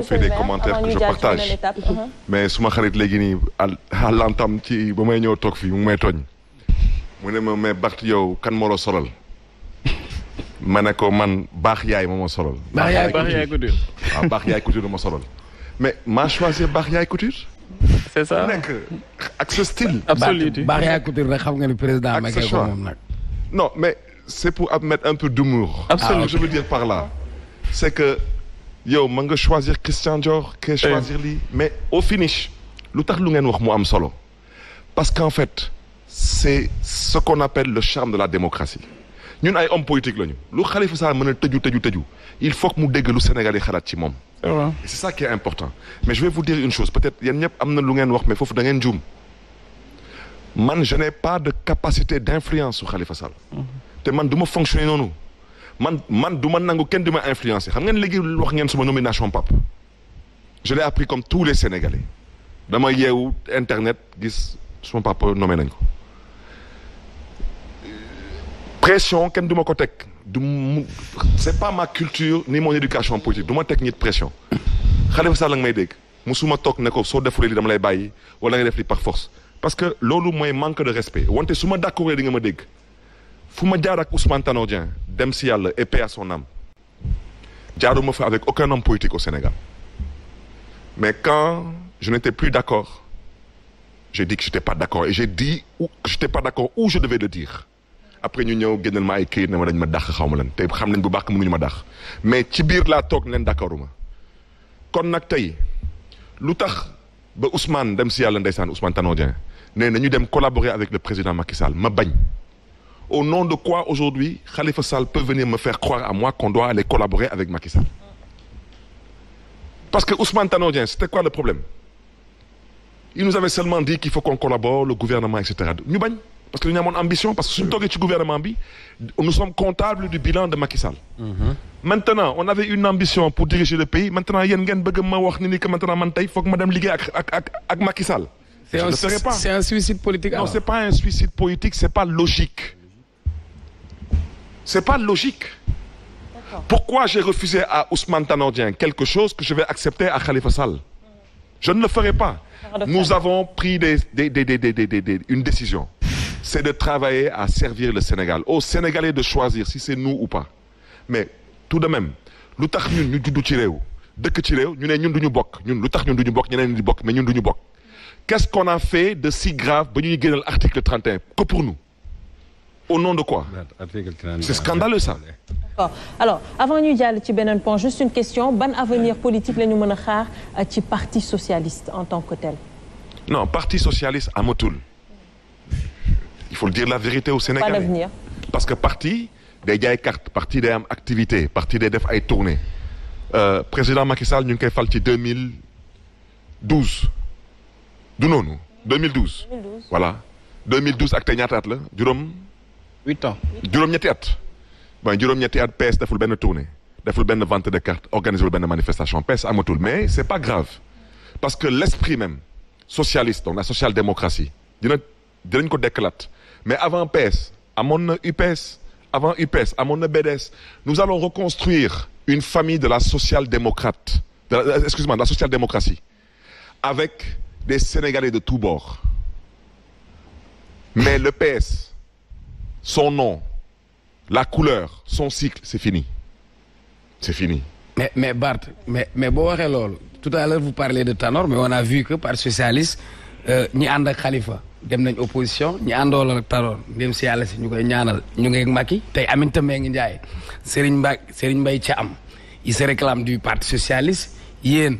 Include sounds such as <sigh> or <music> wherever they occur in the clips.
on fait des commentaires que je partage uh-huh. suma xarit léegi nii à l'entame ci ba may ñëw toog fii mu ngi may tooñ mu ne ma mais Barth yow kan moo solal ma ne ko man baax yaay ma moo solal baax yaay couture waaw baax yaay couture ah, ma solal mais maa choisir baax yaay couture c'est ça nekk ak sa style absolument baax yaay couture nag xam nga ni président Macky ko moom nag non mais c'est pour admettre un peu d'humour absolument ah, je veux dire par là yow mën nga choisir Christian Dior que eh. choisir lii mais au finish lu tax lu ngeen wax mu am solo parce qu'en fait c'est ce qu'on appelle le charme de la démocratie ñun ay homme politique lañu lu Khalifa Sall mën a tëju tëju tëju il faut que mu dégg lu Sénégal yi xalaat ci moom eh et c'est ça qui est important mais je vais vous dire une chose peut-être yéen ñëpp am na lu ngeen wax mais foofu da ngeen juum man je n'ai pas de capacité d'influence su Khalifa Sall mm-hmm. te man du ma fonctionner noonu man man du man nangu kenn du ma influencé xam ngeen léegi wax ngeen suma nomination Pape je l'ai appris comme tous les Sénégalais dama yeewu internet gis suma papa nommé nañ ko pression kenn du ma ko teg du mu c'est pa ma culture ni mon éducation politique du ma teg nit pression Khalifa Sall nga may dégg musuma toog ne ko soo defulee li dama lay bàyyi wala nga def li par force parce que loolu mooy manque de respect wante su ma d'accord di nga ma dégg fu ma jaar ak Ousmane Tanor Dieng dem si yàlla et paix à son âme jaaruma fa avec aucun homme politique au Sénégal mais quand je n'étais plus d'accord j'ai dit que j'étais pas d'accord et j'ai dit que j'étais pas d'accord où je devais le dire après ñu ñëw génnal ma ay këyit ne ma dañ ma dàq xaw ma lan te xam nañ bu baax mënuñu ma dàq mais ci biir laa toog leen d'accorduma kon nag tey lu tax ba Ousmane dem si yàlla ndeysaan Ousmane Tanor Dieng ne na dem collaborer avec président Macky Sall ma bañ au nom de quoi aujourd'hui Khalifa Sall peut venir me faire croire à moi qu'on doit aller collaborer avec Macky parce que Ousmane Tanor Dieng c'était quoi le problème il nous avait seulement dit qu'il faut qu'on collabore le gouvernement et cetera parce que dañu amoon ambition parce que suñu toogee ci gouvernement bi nous sommes comptables du bilan de Macky Sall mhm. maintenant on avait une ambition pour diriger le pays maintenant yéen ngeen bëgg ma wax que maintenant c'est pas logique pourquoi j'ai refusé à Ousmane Tanor Dieng quelque chose que je vais accepter à Khalifa Sall je ne le ferai pas nous avons pris des, des, des, des une décision c'est de travailler à servir le Sénégal aux Sénégalais de choisir si c'est nous ou pas mais tout de même lu tax ñun ñu judd ci réew dëkk ci réew ñu ne ñun du ñu bokk ñun lu tax ñun du ñu bokk ñeneen di bokk mais ñun bokk qu'est-ce qu'on a fait de si grave ba ñuy génnal article 31 que pour nous au no de quoi c'est euh, scandaleux ça d'accord alors avant ñuy jàll ci beneen point juste une question ban avenir politique la ñu mën a xaar euh, ci parti socialiste en tant que non parti socialiste amatul il faut le dire la vérité au Sénégal parce que parti day jaay carte parti day am activité parti day def ay tournée euh, président Macky Sall ñu ngi koy fal ci 2012 du noonu 2012 voilà 2012 ak tey ñaata at la juróom huit ans juróom-ñetti at. bon juróom-ñetti at PS deful benn tournée deful benn vente de carte organisé benn manifestation PS amatul mais c'est pas grave parce que l'esprit même socialiste donc la social-démocratie dina dinañ ko déclate mais avant PS amoon na UPS avant UPS amoon na BDS nous allons reconstruire une famille de la social-démocrate de la euh, excuse-moi de la social-démocratie avec des Sénégalais de tous bords mais le PS son nom, la couleur, son cycle, c'est fini. C'est fini. Mais, mais Bart, mais, mais bon, tout à l'heure vous parlez de Tanor, mais on a vu que par spécialiste, euh, ñi ànd ak Khalifa dem nañ opposition ñi àndool ak Tanor dem si yàlla si ñu koy ñaanal ñu ngi ak Macky tey Aminata Mbengue Ndiaye Serigne Mbaye Serigne Mbaye am il se réclame du parti socialiste yéen.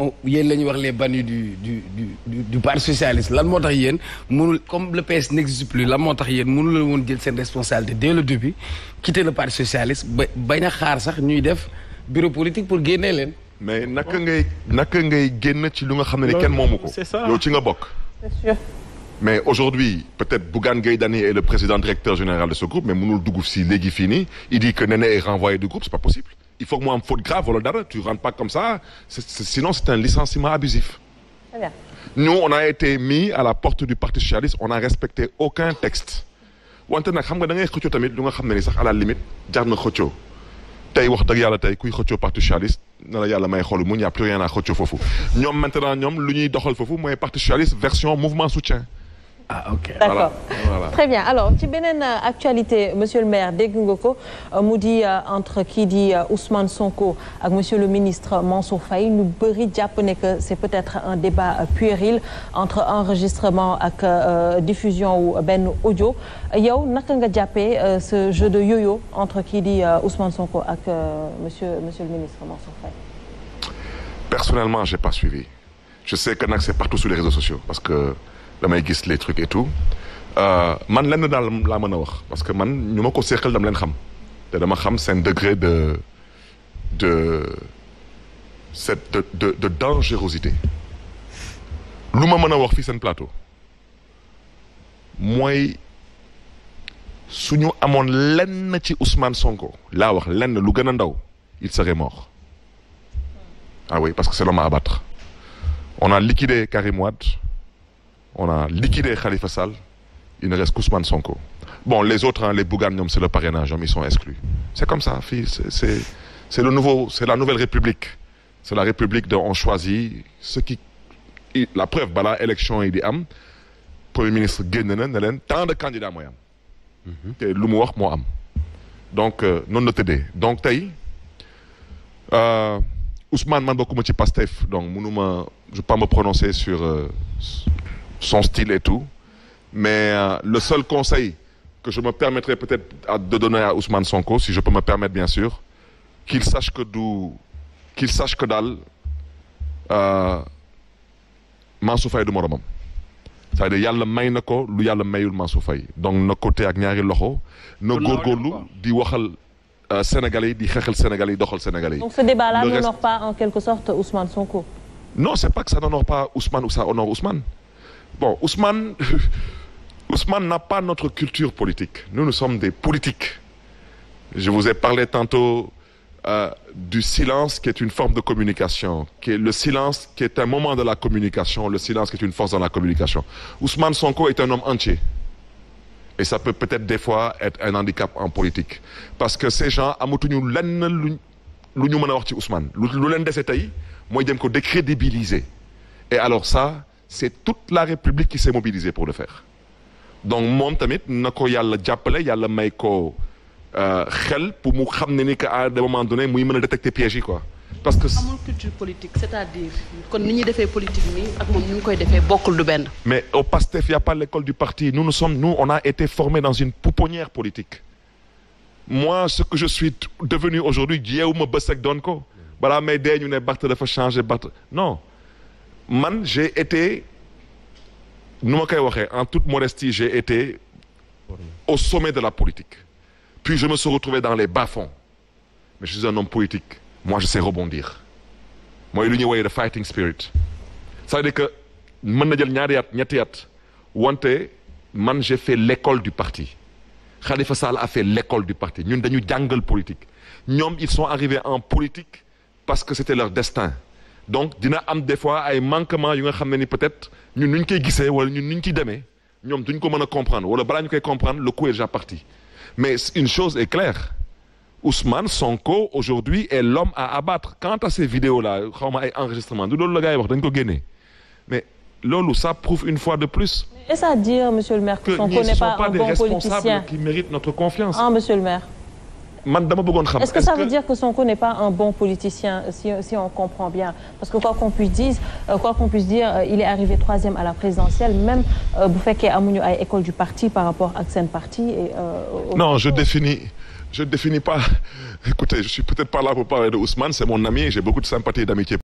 on yéen la ñuy wax le ban du du du socialiste lan moo tax yéen mënul comme le PS n'existe plus lan moo tax yéen mënul la woon jël seen responsabilité dès le début quitter le parti socialiste ba a xaar sax ñuy def bureau politique pour génnee leen. mais naka ngay naka ngay génn ci lu nga xam ne kenn moomu ko. yow ci nga bokk. mais aujourd'hui peut-être Bougane Gueye Dany est le président directeur général de ce groupe mais mënul dugg si léegi fii nii il dit que il faut que mu am faute grave wala dara tu rentres pas comme ça c'est, c'est, sinon c'est un licenciement abusif nous on a été mis à la porte du parti socialiste on a respecté aucun texte wante na xam nga da ngay xëccoo tamit lu nga xam ne ni sax à la limite jar na xëccoo tey wax dëgg yàlla tey kuy xëccoo parti socialiste na la yàlla may xolu mu ñàpp plus foofu ñoom maintenant ñoom lu ñuy doxal foofu mooy parti socialiste version mouvement soutien ah ok d'accord très bien alors ci beneen euh, actualité monsieur le maire dégg nga ko euh, mu di euh, entre kii di Ousmane Sonko ak monsieur le ministre Mansour Faye ñu bëri jàpp ne que c'est peut-être un débat puéril entre enregistrement ak diffusion wu benn audio yow naka nga jàppee ce jeu de yo-yo entre kii di Ousmane Sonko ak monsieur monsieur le ministre Mansour Faye. personnellement j'ai pas suivi je sais que nag c'est partout sur les réseaux sociaux damay gis les trucs et tout euh, man lenn daal laa mën a wax parce que man ñu ma ko seqal dama leen xam te dama xam seen degré de de cette de dangerosité lu ma mën a wax fii seen plateau mooy suñu amoon lenn ci Ousmane Sonko laa wax lenn lu gën a ndaw il serait mort ah oui parce que c'est l'homme à abattre on a liquidé Karim Wade on a liquidé Khalifa Sall il ne reste qu'Ousmane son bon les autres les Bougane ñoom c'est le parrainage ñoom ils sont exclus c'est comme ça fii c'est c'est le nouveau c'est la nouvelle république c'est la république de on choisit ce qui la preuve balaa élection yi am premier ministre génn na ne leen tant de candidats mooy am mhm. te lu mu wax moo am donc euh, noonu la tëddee donc tey euh, Ousmane man bokkuma ci Pastef donc mënuma je prononcer sur euh, son style et tout. Mais euh, le seul conseil que je me permettrais peut-être de donner à Ousmane Sonko, si je peux me permettre bien sûr, qu'il sache que d'où, qu'il sache que daal euh, Mansour du moromam. c'est-à-dire yàlla may na ko lu yàlla mayul Mansour Faye donc na ko téye ak ñaari loxo. na góorgóorlu di waxal euh, Sénégalais yi di xexel Sénégalais yi doxal Sénégalais yi. donc ce débat-là n'honore pas en quelque sorte Ousmane Sonko. non c'est pas que ça n'honore pas Ousmane ou ça honore Ousmane. Bon, Ousmane, <laughs> Ousmane n'a pas notre culture politique. Nous, nous sommes des politiques. Je vous ai parlé tantôt euh, du silence qui est une forme de communication, qui est le silence qui est un moment de la communication, le silence qui est une communication. Ousmane Sonko est un homme entier. Et ça peut peut-être des fois être un handicap en politique. Parce que ces gens, amatuñu lenn lu lu ñu mën a wax ci Ousmane lu leen dese tey mooy dem ko décrédibiliser. Et alors ça c'est toute la République qui s'est mobilisée pour le faire donc moom tamit na ko yàlla jàppale yàlla may ko euh, xel pour mu xam ne ni que à un moment donné muy mën a détecter piège yi quoi parce que amul culture politique cest kon ni ñuy defee politique nii ak moom ni ñu koy mais au PASTEF y a pas l'école du parti nous nous sommes nous on a été formés dans une pouponnière politique moi ce que je suis devenu aujourd'hui jeewu ma bës ak doon ko balaa may dee ñu ne Barth dafa changer Barth non. man j'ai été nu ma koy waxee en toute modestie j'ai été au sommet de la politique puis je me suis retrouvé dans les bas-fonds mais je suis un homme politique moi je sais rebondir mooy lu ñuy woyee de fighting spirit c'est-à-dire que mën na jël ñaari at ñetti at wante man j'ai fait l'école du parti Khalifa Sall a fait l'école du parti ñun dañu jàngal politique ñoom ils sont arrivés en politique parce que c'était leur destin donc dina am des fois ay manquements yu nga xam ne ni peut-être ñun nu ñu koy gisee wala ñun nu ñu ciy demee ñoom duñ ko mën a comprendre wala balaa ñu koy comprendre le coup est déjà parti mais une chose est claire Ousmane Sonko aujourd'hui est l'homme à abattre quant à ces vidéos là xaw ma ay enregistrement du loolu la gars yi wax dañ ko génnee mais loolu sa prouve une fois de plus. mais est-ce dire monsieur le maire. que Sonko n'est pas un bon politicien que man dama bëggoon est-ce que ça veut dire que Sonko n'est pas un bon politicien si on comprend bien parce que quoi qu'on puisse dire euh, quoi qu'on puisse dire euh, il est arrivé troisième à la présidentielle même euh, bu fekkee amuñu ay école du parti par rapport ak seen parti. non je définis définis pas <laughs> écoutez je suis peut-être pas là pour parler de Ousmane c'est mon ami j'ai beaucoup de sympathie d'amitié